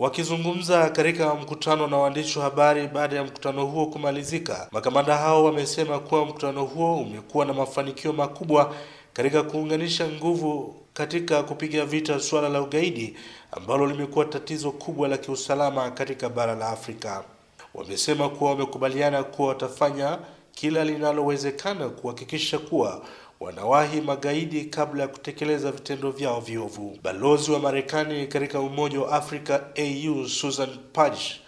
Wakizungumza katika mkutano na waandishi wa habari baada ya mkutano huo kumalizika, makamanda hao wamesema kuwa mkutano huo umekuwa na mafanikio makubwa katika kuunganisha nguvu katika kupiga vita suala la ugaidi ambalo limekuwa tatizo kubwa la kiusalama katika bara la Afrika. Wamesema kuwa wamekubaliana kuwa watafanya kila linalowezekana kuhakikisha kuwa wanawahi magaidi kabla ya kutekeleza vitendo vyao viovu. Balozi wa Marekani katika Umoja wa Afrika AU Susan Page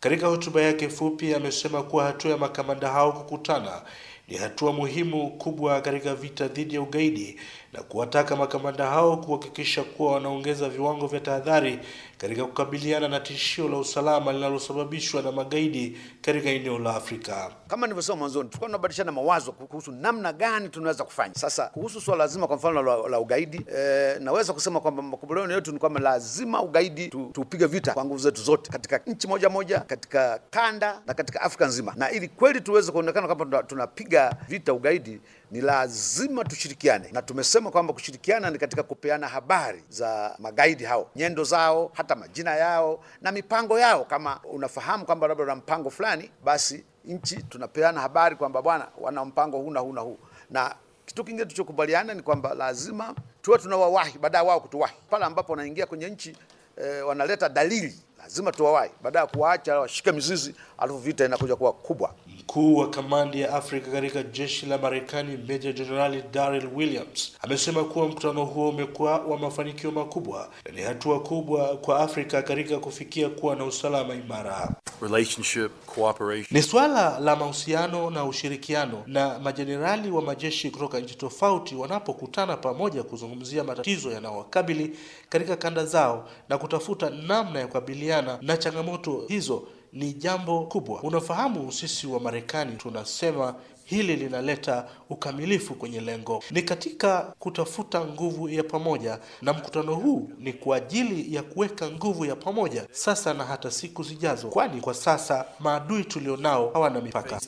katika hotuba yake fupi amesema kuwa hatua ya makamanda hao kukutana ni hatua muhimu kubwa katika vita dhidi ya ugaidi na kuwataka makamanda hao kuhakikisha kuwa wanaongeza viwango vya tahadhari katika kukabiliana na tishio la usalama linalosababishwa na magaidi katika eneo la Afrika. Kama nilivyosema mwanzoni, tulikuwa tunabadilishana mawazo kuhusu namna gani tunaweza kufanya. Sasa kuhusu swala lazima kwa mfano la, la ugaidi e, naweza kusema kwamba makubaliano yetu ni kwamba lazima ugaidi tuupige vita kwa nguvu zetu zote katika nchi moja moja, katika kanda na katika Afrika nzima, na ili kweli tuweze kuonekana kwamba tunapiga kupiga vita ugaidi ni lazima tushirikiane, na tumesema kwamba kushirikiana ni katika kupeana habari za magaidi hao, nyendo zao, hata majina yao na mipango yao. Kama unafahamu kwamba labda una mpango fulani, basi nchi tunapeana habari kwamba bwana, wana mpango huu na huu na huu. Na kitu kingine tulichokubaliana ni kwamba lazima tuwe tunawawahi baada ya wao kutuwahi. Pale ambapo wanaingia kwenye nchi e, wanaleta dalili lazima tuwawai baada ya kuwaacha washike mizizi, alafu vita inakuja kuwa kubwa. Mkuu wa kamandi ya Afrika katika jeshi la Marekani Meja Jenerali Darrell Williams amesema kuwa mkutano huo umekuwa wa mafanikio makubwa na ni hatua kubwa kwa Afrika katika kufikia kuwa na usalama imara. Relationship, cooperation. Ni swala la mahusiano na ushirikiano, na majenerali wa majeshi kutoka nchi tofauti wanapokutana pamoja kuzungumzia matatizo yanayowakabili katika kanda zao na kutafuta namna ya kukabiliana kukabiliana na changamoto hizo ni jambo kubwa. Unafahamu, sisi wa Marekani tunasema hili linaleta ukamilifu kwenye lengo. Ni katika kutafuta nguvu ya pamoja, na mkutano huu ni kwa ajili ya kuweka nguvu ya pamoja sasa na hata siku zijazo, kwani kwa sasa maadui tulionao hawana mipaka.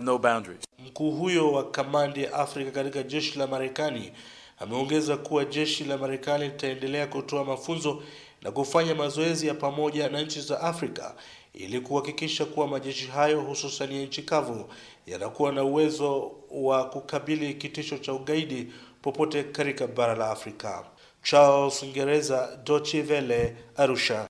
No, mkuu huyo wa kamandi ya Afrika katika jeshi la Marekani ameongeza kuwa jeshi la Marekani litaendelea kutoa mafunzo na kufanya mazoezi ya pamoja na nchi za Afrika ili kuhakikisha kuwa majeshi hayo hususan ya nchi kavu yanakuwa na uwezo wa kukabili kitisho cha ugaidi popote katika bara la Afrika. Charles Ngereza, Dochi Vele, Arusha.